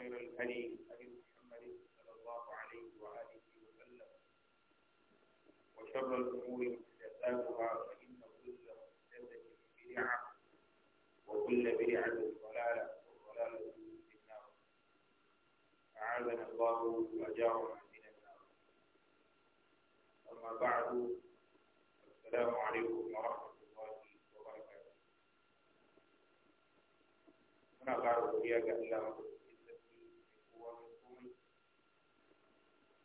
خير الهدي هدي محمد صلى الله عليه وآله وسلم وشر الأمور محدثاتها فإن كل محدثة بدعة وكل بدعة ضلالة وضلالة في النار أعاذنا الله وأجارنا من النار أما بعد السلام عليكم ورحمة na ƙara godiya ga Allah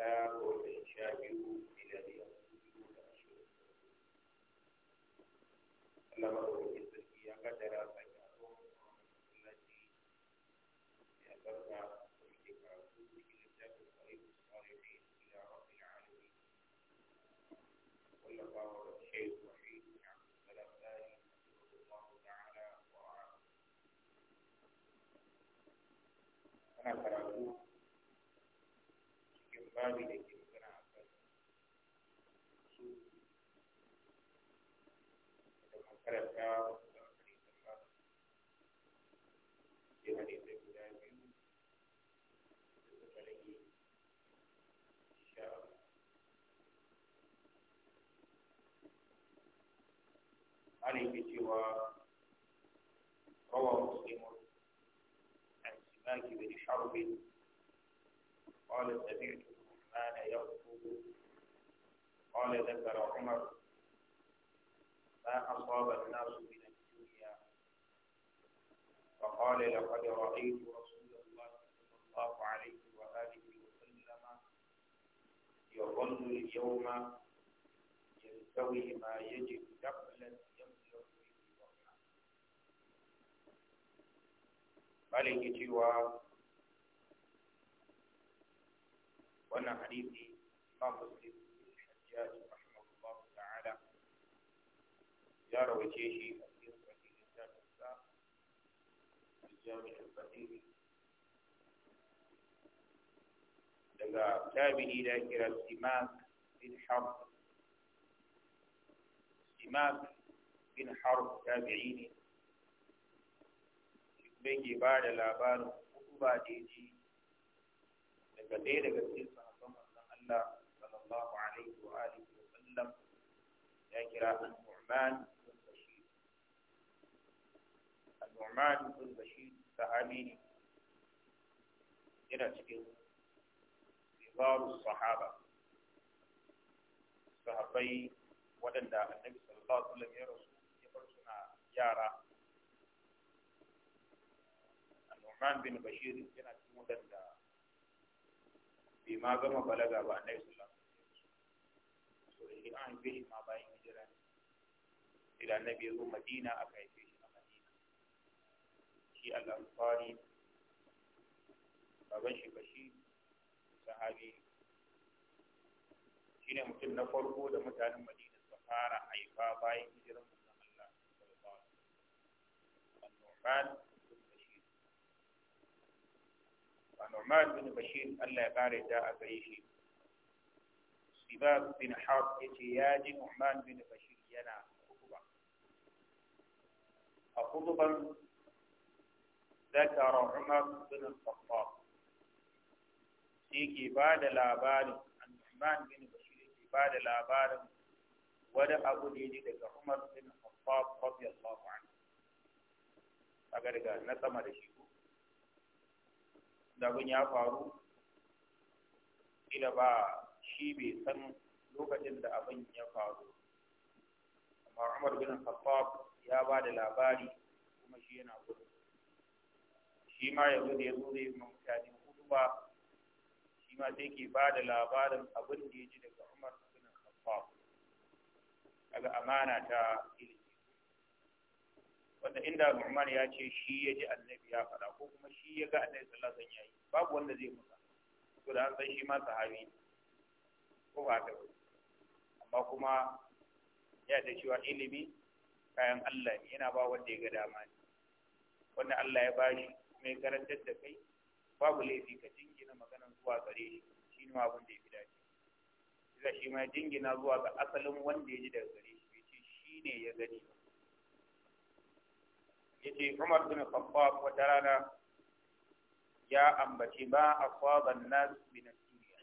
ɗaya ko da sha biyu ila biyar. وي دي علي بجوا روى مسلم عن سماك بن حرب قال سمعت قال ذكر عمر ما أصاب الناس من الدنيا فقال لقد رأيت رسول الله صلى الله عليه وآله وسلم يظل اليوم يستوي ما يجد دخلا يملك به الرحمن ملك جواه وأن حديث ناصر بن الحجاج رحمه الله تعالى جار وجيشي في في الإنسان في الجامع القديم لما تابني ذاكرة سماك بن حرب سماك بن حرب تابعيني بيجي بعد لابان وبعد يجي daga ɗaya daga cikin sahabban manzon Allah sallallahu alaihi wa alihi wa sallam ya kira Al-Nu'man bin Bashir Al-Nu'man bin Bashir sahabi ne yana cikin kibaru sahaba sahabbai waɗanda annabi sallallahu alaihi wa sallam ya rasu ya bar suna yara Al-Nu'man bin Bashir yana cikin waɗanda bai ma gama balaga ba a sallallahu alaihi wasallam to an haife shi ma bayan hijira idan na ya zo madina aka haife shi a madina shi al-ansari baban shi bashi sahabi ne mutum na farko da mutanen madina suka fara haifa bayan hijiran manzon Allah sallallahu alaihi wasallam Nu'man bin Bashir Allah ya da a gare shi Sibab bin Harb yace ya ji Nu'man bin Bashir yana khutba a ذكر عمر بن الخطاب yake ba da labarin annuman bin bashir yake labarin wani abu ne yake daga umar bin khattab radiyallahu anhu kaga daga da shi da abin ya faru ila ba shi bai san lokacin da abin ya faru amma umar bin khattab ya ba da labari kuma shi yana gudu shi ma ya da ya zo zai ma mutane hudu ba shi ma sai ke ba da labarin abin da ya ji daga umar bin khattab daga amana ta ilimi wanda inda Nu'man ya ce shi ya ji annabi ya faɗa ko kuma shi ya ga annabi sallallahu alaihi wasallam yayi babu wanda zai musa to da an san shi ma sahabi ko ba ta amma kuma ya da cewa ilimi kayan Allah ne yana ba wanda ya ga dama ne wanda Allah ya bashi kuma ya karantar da kai babu laifi ka jingina maganan zuwa gare shi shi ne abin da ya fi dace sai shi ma jingina zuwa ga asalin wanda ya ji daga gare shi bai ce shi ne ya gani ba yace Umar bin Khattab wata rana ya ambaci ba asaban nas min dunya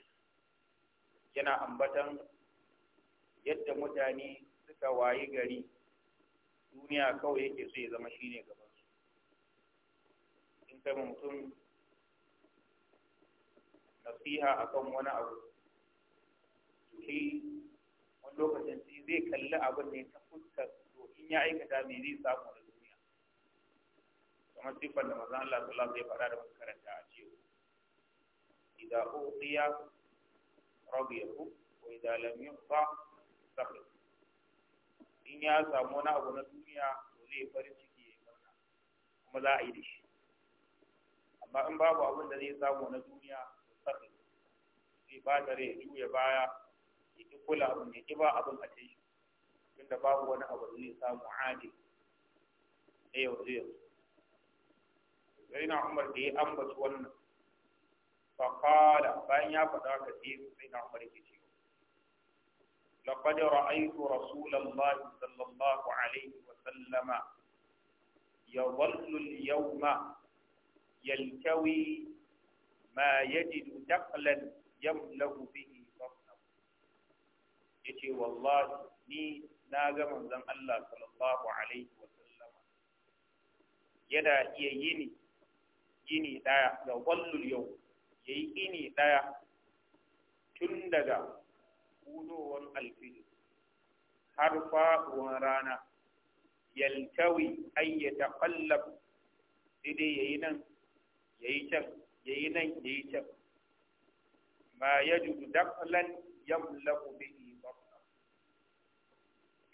yana ambatan yadda mutane suka wayi gari duniya kawai yake so ya zama shine gaban su in kai mutum nasiha akan wani abu shi wani lokacin shi zai kalli abin ne ta fuskar to in ya aikata me zai samu kamar siffar da mazan Allah sallallahu alaihi wasallam ya faɗa da karanta a jiya idza uqiya radiyahu wa idza lam yuqa sakhir in ya samu wani abu na duniya to zai farin ciki ya murna kuma za a yi da shi amma in babu abin da zai samu na duniya to sakhir zai ba da rai juya baya ya ki kula abin ya ki ba abin a cikin tunda babu wani abu da zai samu adil ne yau zai yanzu سيدنا عمر دي ام ون فقال بان يا كثير سيدنا عمر كثير لقد رايت رسول الله صلى الله عليه وسلم يظل اليوم يلتوي ما يجد دخلا يملأ به بطنه يتي والله ني ناغا من الله صلى الله عليه وسلم يدا يييني ini daya da wallul yau yayi ini daya tun daga hudowar alfil har faɗuwar rana yaltawi ay yataqallab dai yayi nan yayi can yayi nan yayi can ma yajidu daklan yamlaku bihi batna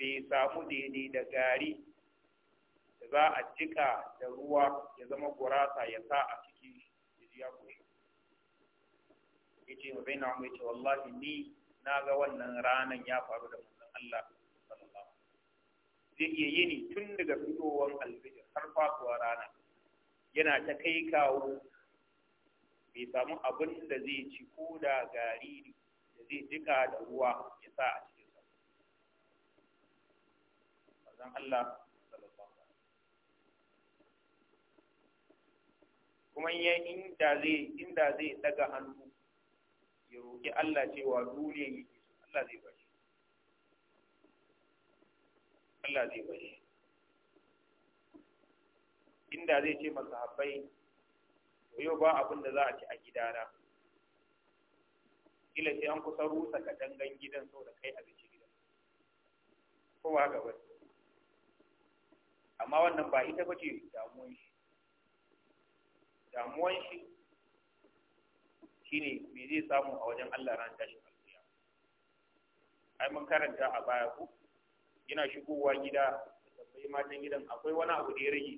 bai samu daidai da gari da za a jika da ruwa ya zama gurasa ya sa a ciki ya kushe ya ce na mu ce wallahi ni na ga wannan ranan ya faru da manzon Allah sallallahu zai iya yini tun daga fitowar alfijir har fasuwa rana yana ta kai kawo bai samu abin da zai ci ko da gari da zai jika da ruwa ya sa a cikin sa Allah kuma ya inda zai inda zai daga hannu ya roƙi Allah cewa dole ne Allah zai bashi Allah zai bashi inda zai ce masa habbai to yau ba abin da za a ci a gidana kila sai an kusa rusa dangan gidan sau da kai abinci gidan kowa ga wani amma wannan ba ita ba ce damuwan shi damuwan shi shine me zai samu a wajen Allah ran tashin alƙiya ai mun karanta a baya ku yana shigowa gida tambayi matan gidan akwai wani abu da ya rage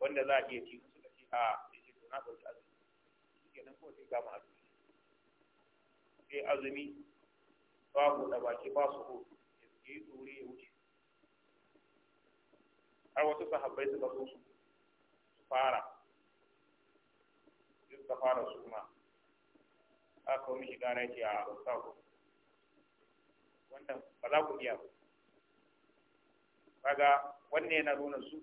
wanda za a iya ci suka shi a sai shi to na ɗauki azumi kenan ko sai gama azumi sai azumi babu da baki ba su ko ya yi tsori ya wuce har wasu sahabbai suka zo su fara suka fara suna aka wani shiga na ce a sa ku wannan ba za ku iya ba kaga wannan yana nuna su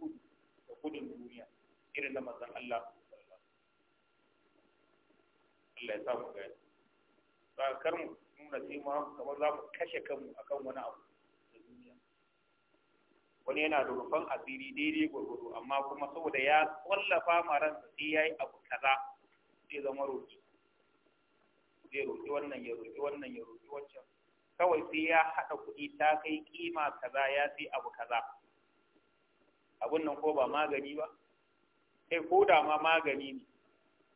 da gudun duniya irin na mazan Allah Allah ya sa mu gani ba kar mu nuna sai kamar za mu kashe kanmu akan wani abu da duniya wani yana da rufan asiri daidai gwargwado amma kuma saboda ya tsallafa maransa sai sai yayi abu kaza sai zama roƙi zai roƙi wannan ya roƙi wannan ya roƙi wancan kawai sai ya haɗa kuɗi ta kai kima kaza ya sai abu kaza abun nan ko ba magani ba kai ko da ma magani ne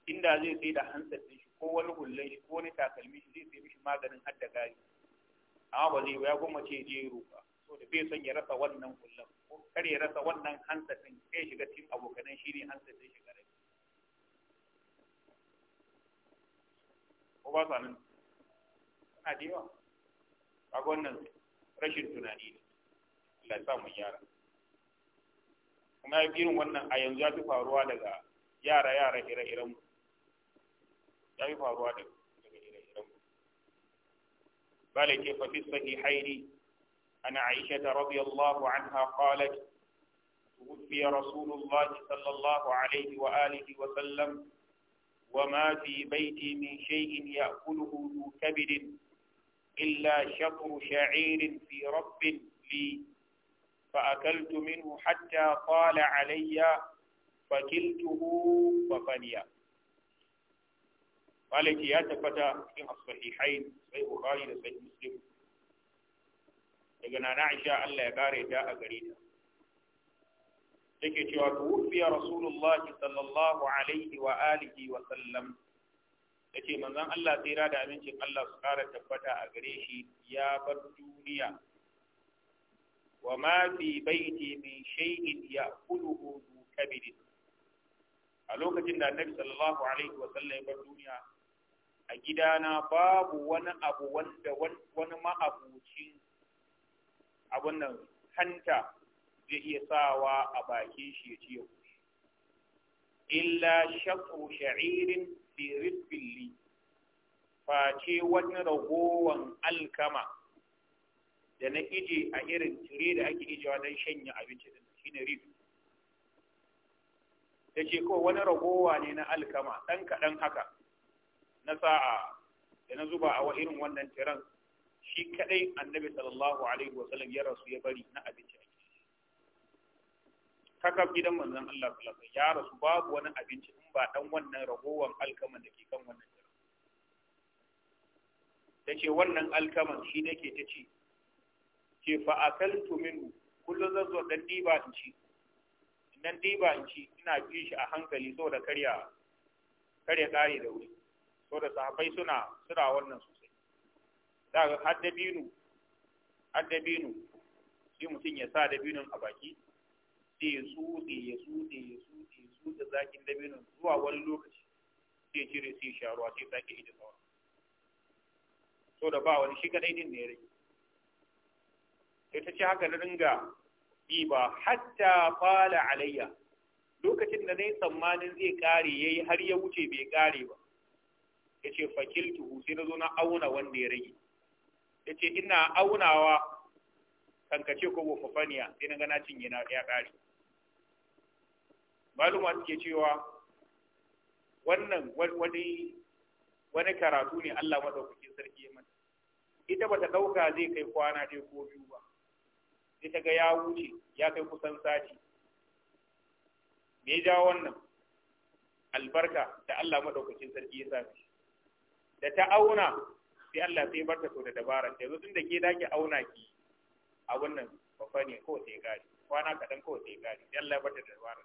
inda zai sai da hansar ɗin shi ko wani hullun shi ko wani takalmi shi zai sai mishi maganin har da gari amma ba zai ba ya goma ce je roƙa so da bai son ya rasa wannan hullun ko kar ya rasa wannan hansar ɗin sai shiga cikin abokanan shi ne hansar ɗin shi ko ba sa nan suna da yawa a wannan rashin tunani ne Allah ya sa mu yara kuma ya irin wannan a yanzu ya fi faruwa daga yara yara ire-iren mu ya fi faruwa daga ire-iren mu bala ke fa fi sahihaini ana Aisha radiyallahu anha qalat توفي رسول الله صلى الله عليه وآله وسلم وما في بيتي من شيء يأكله ذو كبد إلا شطر شعير في رب لي فأكلت منه حتى طال علي فكلته ففني قالت يا تفتا في الصحيحين صحيح بخاري وصحيح مسلم daga nana Aisha Allah ya kare ta a gare ta yake cewa tuwfiya rasulullahi sallallahu alaihi wa alihi wa sallam yace manzon Allah tsira da amincin Allah su kara tabbata a gare shi ya bar duniya wa ma fi baiti min shay'in ya'kuluhu du kabid a lokacin da Annabi sallallahu alaihi wa sallam ya bar duniya a gidana babu wani abu wanda wani ma'abucin abun nan hanta zai iya sawa a bakin shi ya ci ya kushe. illa shakku sha'irin fi rizqilli face wani ragowan alkama da na ije a irin tire da ake wa don shanya abinci din rif. rizq ce ko wani ragowa ne na alkama dan kaɗan haka na sa'a da na zuba a irin wannan tiran shi kaɗai. annabi sallallahu alaihi wasallam ya rasu ya bari na abin kakaf gidan manzon Allah sallallahu alaihi ya rasu babu wani abinci in ba dan wannan ragowan alkaman da ke kan wannan jira tace wannan alkaman shi nake tace ci fa akaltu min kullun zan dan diba in ci dan diba in ci ina bi shi a hankali saboda karya karya kare da wuri saboda sahabbai suna suna wannan sosai da har dabinu shi mutum ya sa dabinun a baki sai ya tsude ya tsude ya ya zakin dabinin zuwa wani lokaci sai cire sai sharuwa sai sake ita sauran so da ba wani shi kadai din ne ya rage sai ta ce haka na ringa bi ba hatta fala alayya lokacin da na yi tsammanin zai kare ya yi har ya wuce bai kare ba ya ce fakiltuhu sai na zo na auna wanda ya rage ya ce ina aunawa kankace ko wofafaniya sai na gana cinye na ya kare maluma suke cewa wannan wani wani karatu ne Allah madaukakin sarki ya mata ita bata dauka zai kai kwana dai ko biyu ba sai ta ga ya wuce ya kai kusan sati me ya jawo wannan albarka da Allah madaukakin sarki ya sami da ta auna sai Allah sai barta to da dabara sai zo tunda ke dake auna ki a wannan babba ne ko sai gari kwana kadan ko sai gari sai Allah barta da dabara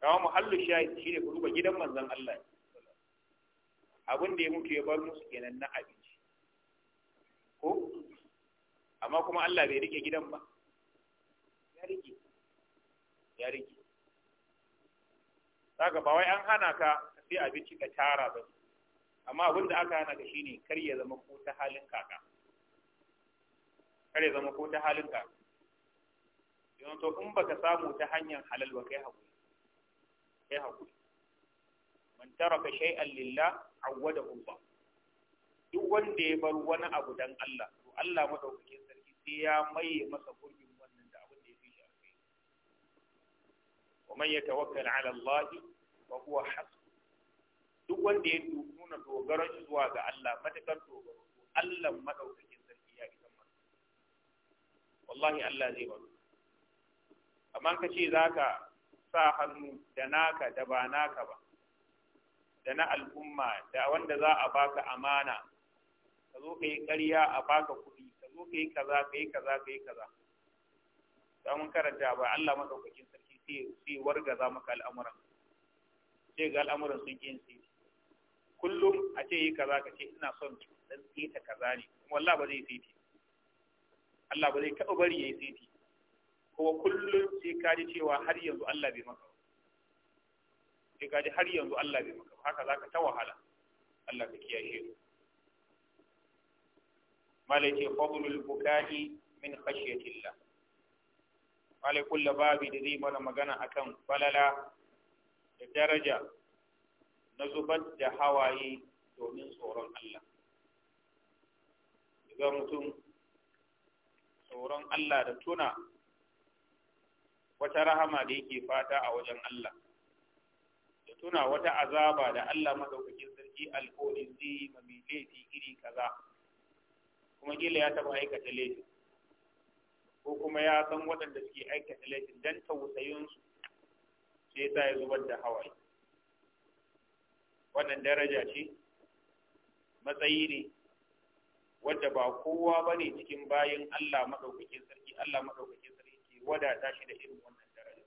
kawo muhallu shahid shine ku duba gidan manzan Allah abin da ya mutu ya bar musu kenan na abinci ko amma kuma Allah bai rike gidan ba ya rike ya rike saka ba wai an hana ka sai abinci ka tara ba amma abin da aka hana ka shine kar ya zama ko ta halin kaka kar ya zama ko ta halin kaka yanzu in baka samu ta hanyar halal ba kai hakuri sai hakuri man taraka shay'an lillah awwadahu Allah duk wanda ya bar wani abu dan Allah to Allah madaukakin sarki sai ya maye masa gurbin wannan da abin da ya fi shi alkai wa man yatawakkal ala Allah wa huwa hasbu duk wanda ya nuna dogaron zuwa ga Allah matakar dogaro Allah madaukakin sarki ya isa masa wallahi Allah zai baro amma ka ce zaka sa hannu da naka da ba naka ba da na al'umma da wanda za a baka amana ka zo ka yi ƙarya a baka kuɗi ka zo ka yi kaza ka yi kaza ka yi kaza da mun karanta ba Allah madaukakin sarki sai sai za maka al'amuran sai ga al'amuran sun yi sai kullum a ce yi kaza ka ce ina son dan ta kaza ne wallahi ba zai tsiti Allah ba zai taɓa bari yayi tsiti kuma kullum sai ka ji cewa har yanzu Allah bai maka sai ka ji har yanzu Allah bai maka haka za ka ta wahala Allah ka kiyaye mu malai ce fadlul bukai min khashyatillah malai kullu babi da zai mana magana akan balala da daraja na zubar da hawaye domin tsoron Allah ga mutum tsoron Allah da tuna wata rahama da yake fata a wajen Allah da tuna wata azaba da Allah madaukakin sarki alƙawarin zai yi mai laifi iri kaza kuma kila ya taba aikata laifin ko kuma ya san waɗanda suke aikata laifin don tausayinsu sai sa ya zubar da hawaye wannan daraja ce matsayi ne wadda ba kowa ba ne cikin bayan Allah maɗaukakin sarki Allah maɗaukakin wadata shi da irin wannan daraja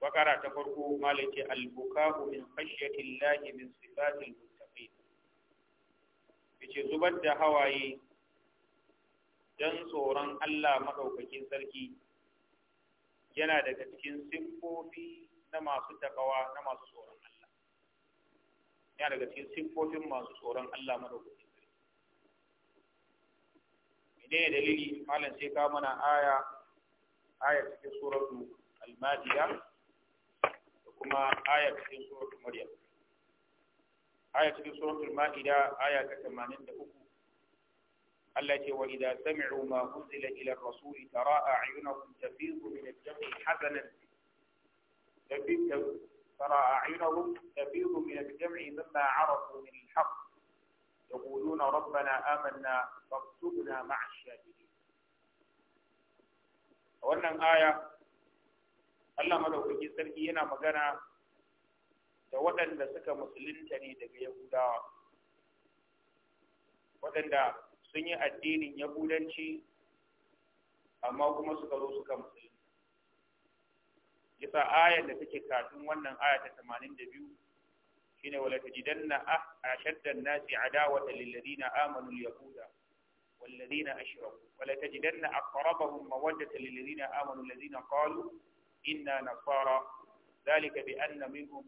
bakara ta farko malaki al-bukahu min khashyati llahi min sifatil muttaqin yace zubar da hawaye dan tsoron Allah madaukakin sarki yana daga cikin siffofi na masu takawa na masu tsoron Allah yana daga cikin siffofin masu tsoron Allah madaukakin ne dalili malam sai ka mana aya aya cikin suratu al-madiya da kuma aya cikin suratu maryam aya cikin suratul ma'ida aya ta uku, Allah ce wa idan sami'u ma unzila ila ar-rasul tara a'yunahum tafidu min ad-dam'i hazanan tafidu tara a'yunahum tafidu min ad-dam'i mimma 'arafu min al-haqq يقولون ربنا آمنا فاكتبنا مع الشاهدين wannan aya Allah madaukakin sarki yana magana da waɗanda suka musulunta ne daga Yahudawa waɗanda sun yi addinin Yahudanci amma kuma suka zo suka musulunta kisa ayar da take kafin wannan aya ta 82 shine wala tajidanna ah, ashadda an-nasi adawatan lil ladina amanu al-yahuda wal ladina ashraku wala tajidanna aqrabahum mawaddatan lil ladina amanu alladhina qalu inna nasara dhalika bi anna minhum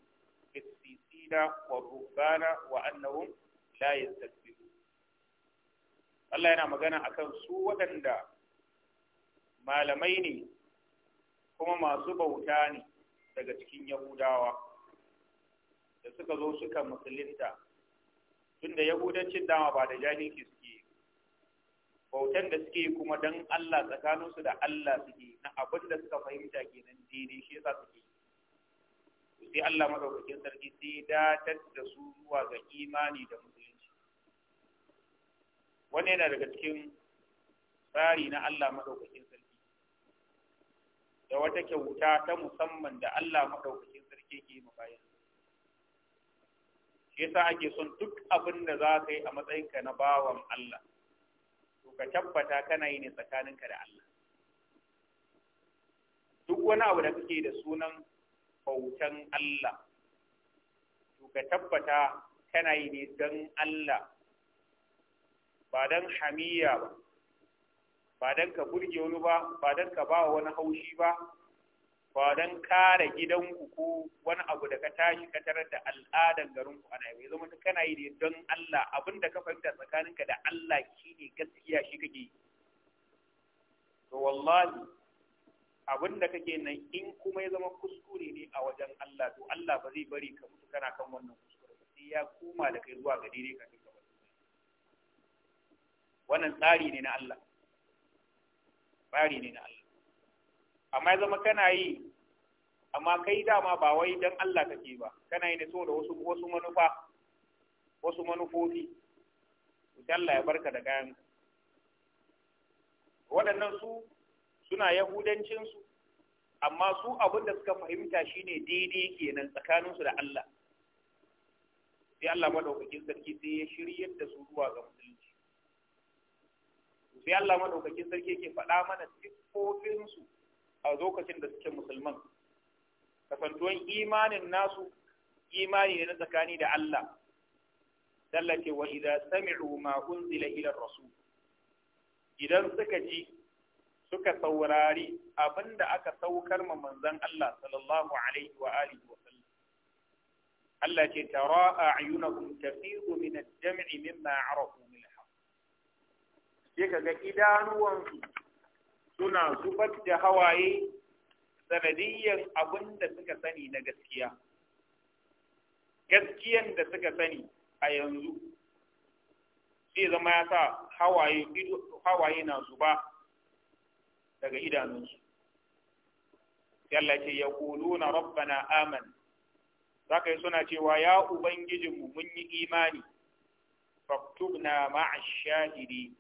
qissisina wa rubbana wa annahum la yastakbirun Allah yana magana akan su wadanda malamai ne kuma masu bauta ne daga cikin Yahudawa da suka zo suka musulunta tunda yahudancin dama ba da jahilci suke bautan da suke kuma dan Allah tsakaninsu da Allah suke na abin da suka fahimta kenan daidai shi yasa suke sai Allah madaukakin sarki sai datar da su zuwa ga imani da musulunci Wani yana daga cikin tsari na Allah madaukakin sarki da wata kyauta ta musamman da Allah madaukakin sarki ke yi bayan yasa ake son duk abin da za ka yi a matsayinka na bawan Allah to ka tabbata kana yi ne tsakaninka da Allah duk wani abu da kake da sunan bautan Allah to ka tabbata kana yi ne don Allah ba don hamiya ba ba don ka burge wani ba ba don ka ba wani haushi ba ba don kare gidanku ko wani abu da ka tashi ka tarar da al'adan garinku ana yi zama ta kana yi ne don Allah abin da ka fahimta tsakaninka da Allah shi ne gaskiya shi kake yi to wallahi abin da kake nan in kuma ya zama kuskure ne a wajen Allah to Allah ba zai bari ka mutu kana kan wannan kuskure ba sai ya koma da kai zuwa ga daidai ka dinga wannan tsari ne na Allah tsari ne na Allah amma ya zama kana yi amma kai dama ba wai dan Allah kake ba kana yi ne saboda wasu wasu manufa wasu manufofi Allah ya barka da kayan waɗannan su suna yahudancinsu amma su abin da suka fahimta shine daidai kenan tsakaninsu da Allah sai Allah madaukakin sarki sai ya shiryar da su zuwa ga musulunci sai Allah madaukakin sarki ke faɗa mana siffofinsu a lokacin da suke musulman kasantuwan imanin nasu imani ne na tsakani da Allah tallace wa idza sami'u ma unzila ila rasul idan suka ji suka saurari abinda aka saukar ma manzon Allah sallallahu alaihi wa alihi wa sallam Allah ce tara a'yunakum tafidu min ad-dam'i mimma arafu min al-haqq sai kaga suna zubar da hawaye sanadiyyar abin da suka sani na gaskiya gaskiyan da suka sani a yanzu sai zama ya sa hawaye na zuba daga idanunsu yalla ce ya Rabba rabbana aman za ka yi suna cewa ya ubangijinmu mun yi imani faktubna ma'a shahidi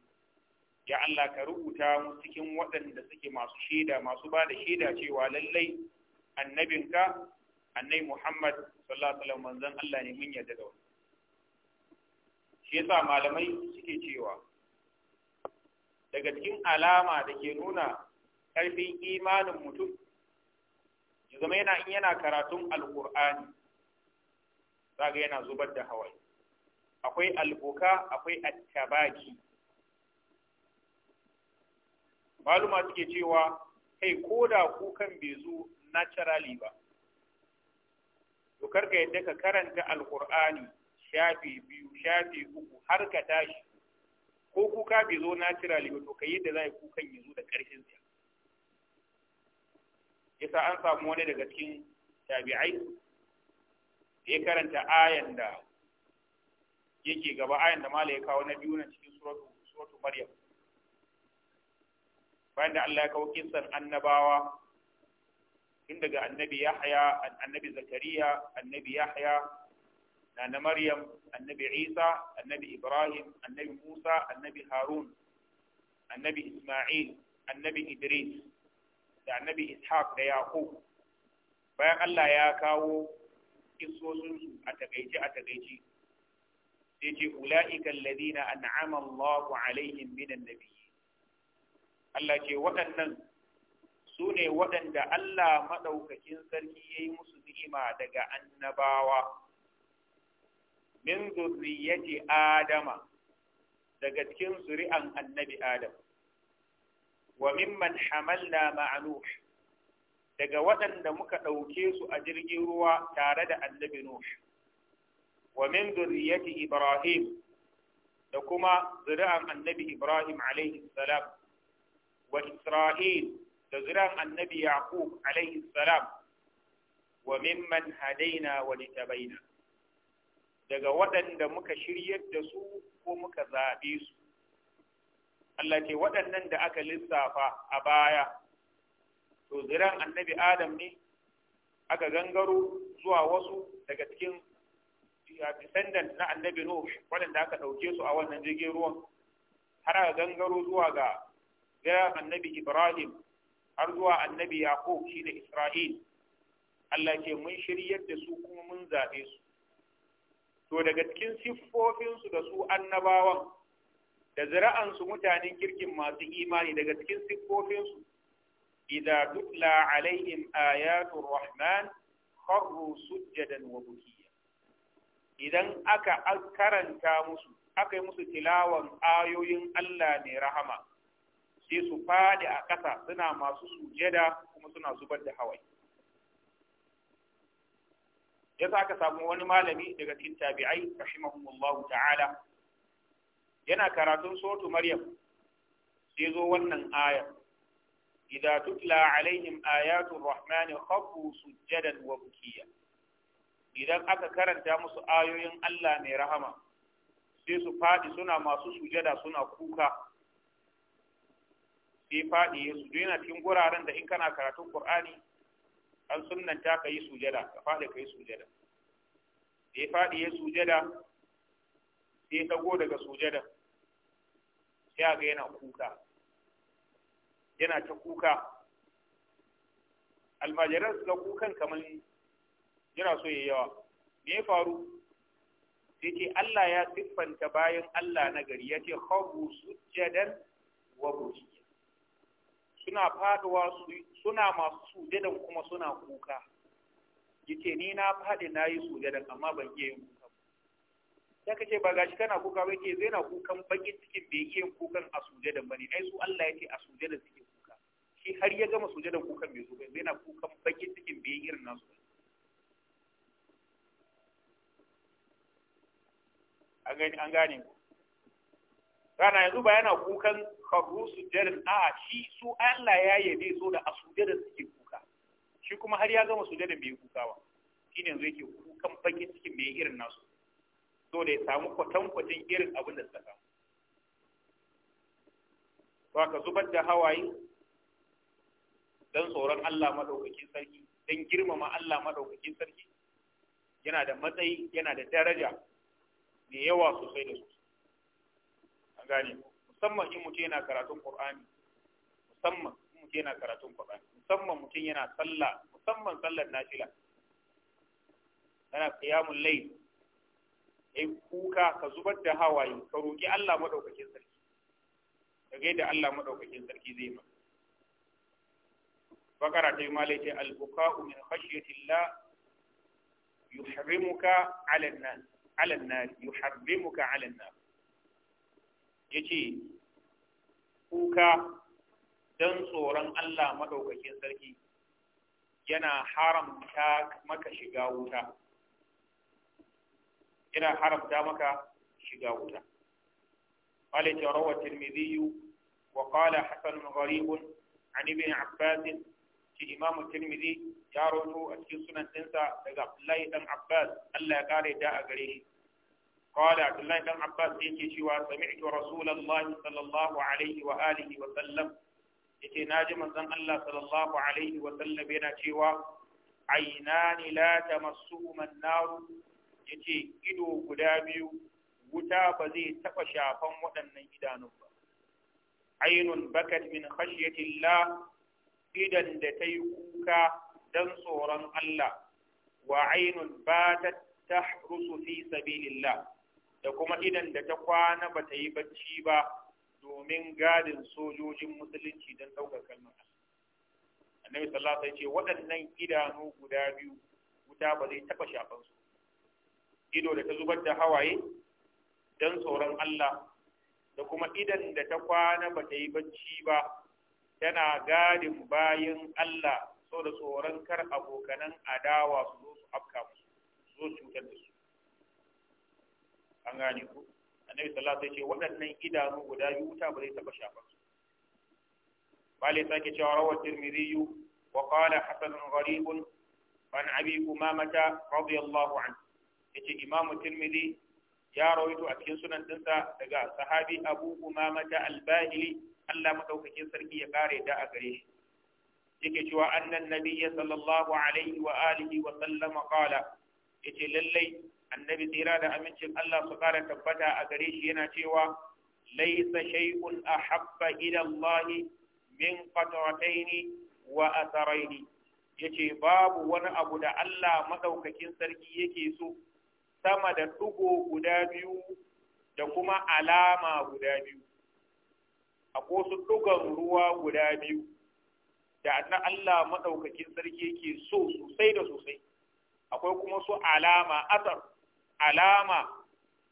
ya Allah ka rubuta mu cikin waɗanda suke masu shaida masu ba da shaida cewa lallai annabinka annai Muhammad sallallahu alaihi wasallam manzon Allah ne mun yarda da wannan shi yasa malamai suke cewa daga cikin alama da ke nuna ƙarfin imanin mutum ya zama yana in yana karatun alƙur'ani zaga yana zubar da hawaye akwai alboka, akwai attabaki maluma suke cewa kai ko da kukan bai zo naturally ba to ka yadda ka karanta alkur'ani shafi biyu shafi uku har ka tashi ko kuka bai zo naturally ba to kai yadda za kukan ya zo da ƙarfin sa yasa an samu wani daga cikin tabi'ai ya karanta ayan da yake gaba ayan da mala ya kawo na biyu na cikin suratu maryam bayan da Allah ya kawo kisan annabawa tun daga annabi Yahya annabi Zakariya annabi Yahya na Maryam annabi Isa annabi Ibrahim annabi Musa annabi Harun annabi Isma'il annabi Idris da annabi Ishaq da Yaqub bayan Allah ya kawo kissosinsu a takaice a takaice sai ce ula'ika alladhina an'ama Allahu alaihim minan nabiyyin Allah ce waɗannan su ne waɗanda Allah maɗaukakin sarki ya yi musu ni'ima daga annabawa min zurriyati adama daga cikin zuri'an annabi adam wa mimman hamalna ma'anuh daga waɗanda muka ɗauke su a jirgin ruwa tare da annabi nuh wa min zurriyati ibrahim da kuma zuri'an annabi ibrahim alaihi salam wa Isra'il da ziran annabi Yaqub alaihi salam wa mimman hadaina daga waɗanda muka shiryar da su ko muka zaɓe su Allah ce waɗannan da aka lissafa a baya to ziran annabi Adam ne aka gangaro zuwa wasu daga cikin descendant na annabi Nuh waɗanda aka ɗauke su a wannan jirgin ruwan har aka gangaro zuwa ga daga annabi Ibrahim har zuwa annabi Yaqub shine Isra'il Allah ke mun shiryar da su kuma mun zaɓe su to daga cikin siffofinsu da su annabawan da zira'ansu mutanen kirkin masu imani daga cikin siffofinsu idza tutla alaihim ayatul rahman kharru sujjadan wa bukiya idan aka karanta musu aka yi musu tilawan ayoyin Allah ne rahama sai su faɗi a ƙasa suna masu sujada kuma suna zubar da hawaye ya sa aka samu wani malami daga cikin tabi'ai rahimahumullahu ta'ala yana karatun sotu maryam sai zo wannan aya idza tutla alaihim ayatu rahmani khafu sujadan wa bukiya idan aka karanta musu ayoyin Allah mai rahama sai su faɗi suna masu sujada suna kuka sai faɗi ya sujuda yana cikin guraren da in kana karatun Qur'ani an sunnanta ka yi sujada ka faɗi ka yi sujada sai faɗi ya sujada sai ya dago daga sujada sai ga yana kuka yana ta kuka almajiran su ga kukan kamar yana so ya yawa me ya faru sai ce Allah ya siffanta bayan Allah na gari ya ce khabu sujadan wa busu suna faduwa suna masu sujadan kuma suna kuka yace ni na faɗi na yi sujadan amma ban iya yin kuka sai kace ba gashi kana kuka ba yake zai na kukan bakin cikin bai iya yin kukan a sujadan bane ai su Allah yake a sujadan suke kuka shi har ya gama sujadan kukan bai zo ba zai na kukan bakin cikin bai irin nasu gani an gane rana yanzu ba yana kukan karrusu jarin a shi su Allah ya yabe so da a sujadar suke kuka shi kuma har ya gama sujadar bai kuka ba shi ne yanzu yake kukan bakin cikin bai irin nasu so da ya samu kwatan-kwatan irin abin da suka samu to aka zubar da hawaye don tsoron Allah madaukakin sarki don girmama Allah madaukakin sarki yana da matsayi yana da daraja mai yawa sosai da sosai an gane ku musamman in mutum yana karatun Qur'ani musamman in mutum yana karatun Qur'ani musamman mutum yana sallah musamman sallar nafila kana qiyamul layl ai kuka ka zubar da hawaye ka roki Allah madaukakin sarki daga da Allah madaukakin sarki zai ma bakara ta yi malaita al-buka'u min khashyatillah yuharrimuka ala an-nar ala an-nar yuharrimuka ala an ya yace kuka don tsoron Allah maɗaukakin sarki yana haramta maka shiga wuta. Yana haramta maka shiga wuta. wa ƙwale Hassanun Gharibun, Anibin Abbasin, ci Imamu Tirmidhi, ya roto a cikin sunan daga Abdullahi ɗan Abbas, Allah ya kare da a gare shi. قال عبد الله بن عباس يكي شوى سمعت رسول الله صلى الله عليه وآله وسلم يكي ناجم زن الله صلى الله عليه وسلم ينا شوى عينان لا تمسهما النار يكي إدو قدابي وتا بزي تقشى فموتا نجدان عين بكت من خشية الله إذا دتيكوك دنصورا الله وعين باتت تحرس في سبيل الله da kuma idan da ta kwana ba ta yi bacci ba domin gadin sojojin musulunci don ɗaukar kalmar annabi sallallahu alaihi ce waɗannan idanu guda biyu wuta ba zai taɓa shafan su ido da ta zubar da hawaye don tsoron Allah da kuma idan da ta kwana ba ta yi bacci ba tana gadin bayan Allah so da tsoron kar abokanan adawa su zo su afka musu su zo cutar da su an gane ku annabi sallallahu alaihi wasallam ya ce waɗannan idanu guda biyu wuta ba zai taba shafa su bale sake cewa rawat tirmidhi wa qala hasan gharib an abi umamata radiyallahu anhu yace imamu tirmidhi ya rawaito a cikin sunan dinsa daga sahabi abu umamata al-bahili Allah madaukakin sarki ya kare da a gare shi yake cewa annan nabiyya sallallahu alaihi wa alihi wa sallama qala yace lallai annabi tsira da amincin Allah su ƙara tabbata a gare shi yana cewa laisa shay'un ahabba ila Allah min qatrataini wa Ya yace babu wani abu da Allah madaukakin sarki yake so sama da dugo guda biyu da kuma alama guda biyu akwai su dugan ruwa guda biyu da na Allah maɗaukakin sarki yake so sosai da sosai akwai kuma su alama asar alama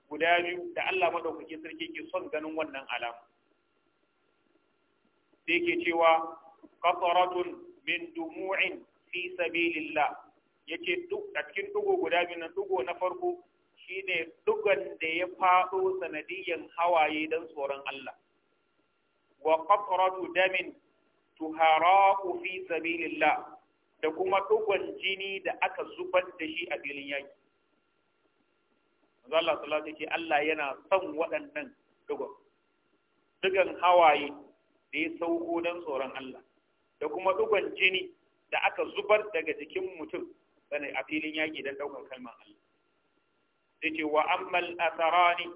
guda biyu da Allah madaukakin sarki ke son ganin wannan alama sai ke cewa qasaratun min dumu'in fi sabilillah yace duk a cikin dugo guda biyu nan dugo na farko shine dugan da ya fado sanadiyan hawaye dan tsoron Allah wa qatratu damin tuhara'u fi sabilillah da kuma dugon jini da aka zubar da shi a filin yaki manzo Allah sallallahu alaihi Allah yana son waɗannan dugon dugan hawaye da ya sauko don tsoron Allah da kuma dugon jini da aka zubar daga jikin mutum sanai a filin yaƙi don ɗaukar kalmar Allah yace wa ammal atharani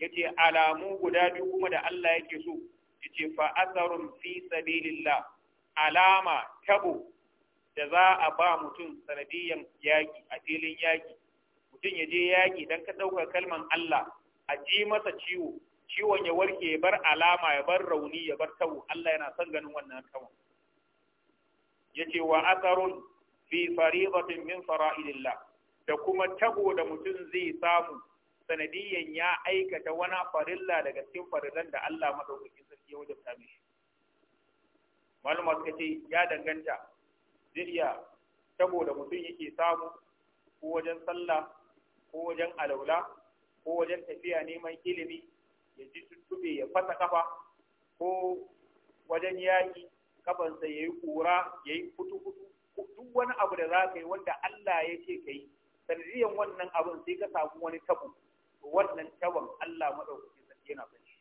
yace alamu guda biyu kuma da Allah yake so yace fa atharun fi sabilillah alama tabo da za a ba mutum sanadiyan yaki a filin yaki mutum ya je yaƙi dan ka ɗaukar kalman Allah a ji masa ciwo ciwon ya warke ya bar alama ya bar rauni ya bar tawo Allah yana son ganin wannan tawo ce wa asarun fi faridatin min fara'ilillah da kuma tago da mutum zai samu sanadiyan ya aikata wani farilla daga cikin farilan da Allah madaukakin sarki ya wajabta mishi ce ya danganta zai iya tago mutum yake samu ko wajen sallah ko wajen alaula ko wajen tafiya neman ilimi ya ji tuttube ya fasa kafa ko wajen yaƙi kafansa ya yi ƙura ya yi kutu-kutu duk wani abu da za ka yi wanda Allah ya ce ka yi sanadiyan wannan abin sai ka samu wani tabu wannan tabon Allah maɗaukakin sarki yana son shi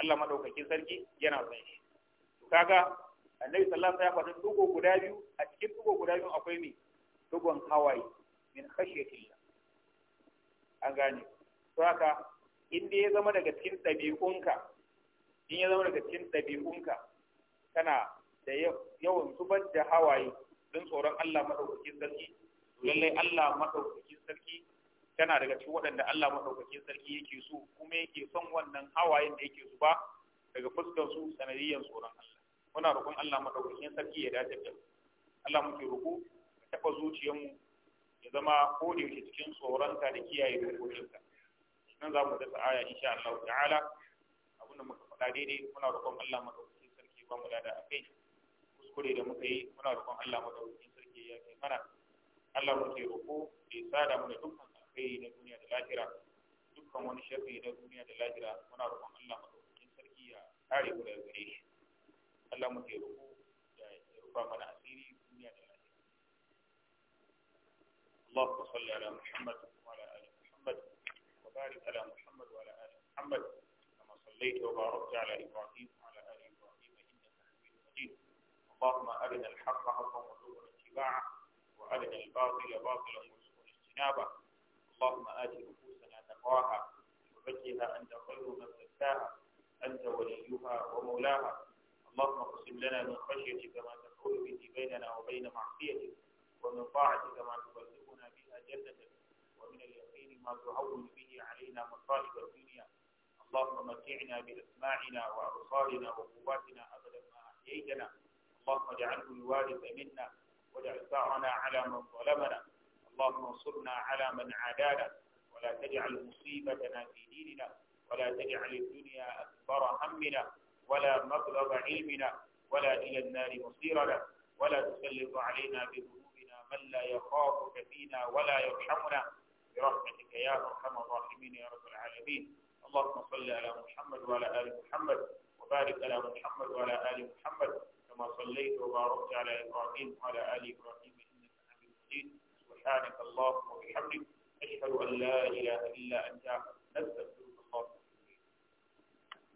Allah maɗaukakin sarki yana son shi kaga annabi sallallahu alaihi wasallam ya faɗi dugo guda biyu a cikin dugo guda biyu akwai mai dugon hawaye min khashyatillah an gane to haka in dai ya zama daga cikin dabi'unka in ya zama daga cikin dabi'unka kana da yawan zubar da hawaye don tsoron Allah maɗaukakin sarki lallai Allah maɗaukakin sarki tana daga cikin waɗanda Allah maɗaukakin sarki yake so kuma yake son wannan hawayen da yake zuba daga fuskar su sanadiyyar tsoron Allah muna roƙon Allah maɗaukakin sarki ya dace da Allah muke roƙo ka taɓa zuciyarmu zama ko da yake cikin tsoronta da kiyaye dokokinka nan za mu dasa aya insha Allah ta'ala abin da muka faɗa daidai muna roƙon Allah madaukakin sarki ba mu lada akai kuskure da muka yi muna roƙon Allah madaukakin sarki ya kai mana Allah ke roƙo ya sada mu da dukkan alkhairi na duniya da lahira dukkan wani sharri na duniya da lahira muna roƙon Allah madaukakin sarki ya kare mu daga gare shi Allah ke roƙo ya rufa mana اللهم صل على محمد وعلى آل محمد وبارك على محمد وعلى آل محمد كما صليت وباركت على إبراهيم وعلى آل إبراهيم إنك حميد مجيد اللهم أرنا الحق حقا وارزقنا اتباعه وأرنا الباطل باطلا وارزقنا اجتنابه اللهم آت نفوسنا تقواها وزكها أنت خير من زكاها أنت وليها ومولاها اللهم اقسم لنا من خشيتك ما تحول به بيننا وبين معصيتك ومن طاعتك ما تبلغ جنة ومن اليقين ما تعول به علينا مصائب الدنيا اللهم متعنا بأسماعنا وأبصارنا وقواتنا أبدا ما أحييتنا اللهم اجعله الوارث منا واجعل ثارنا على من ظلمنا اللهم انصرنا على من عادانا ولا تجعل مصيبتنا في ديننا ولا تجعل الدنيا أكبر همنا ولا مبلغ علمنا ولا إلى النار مصيرنا ولا تسلط علينا بذنوبنا من لا يخافك فينا ولا يرحمنا برحمتك يا أرحم الراحمين يا رب العالمين اللهم صل على محمد وعلى آل محمد وبارك على محمد وعلى آل محمد كما صليت وباركت على إبراهيم وعلى آل إبراهيم إنك حميد مجيد سبحانك اللهم وبحمدك أشهد أن لا إله إلا أنت نستغفرك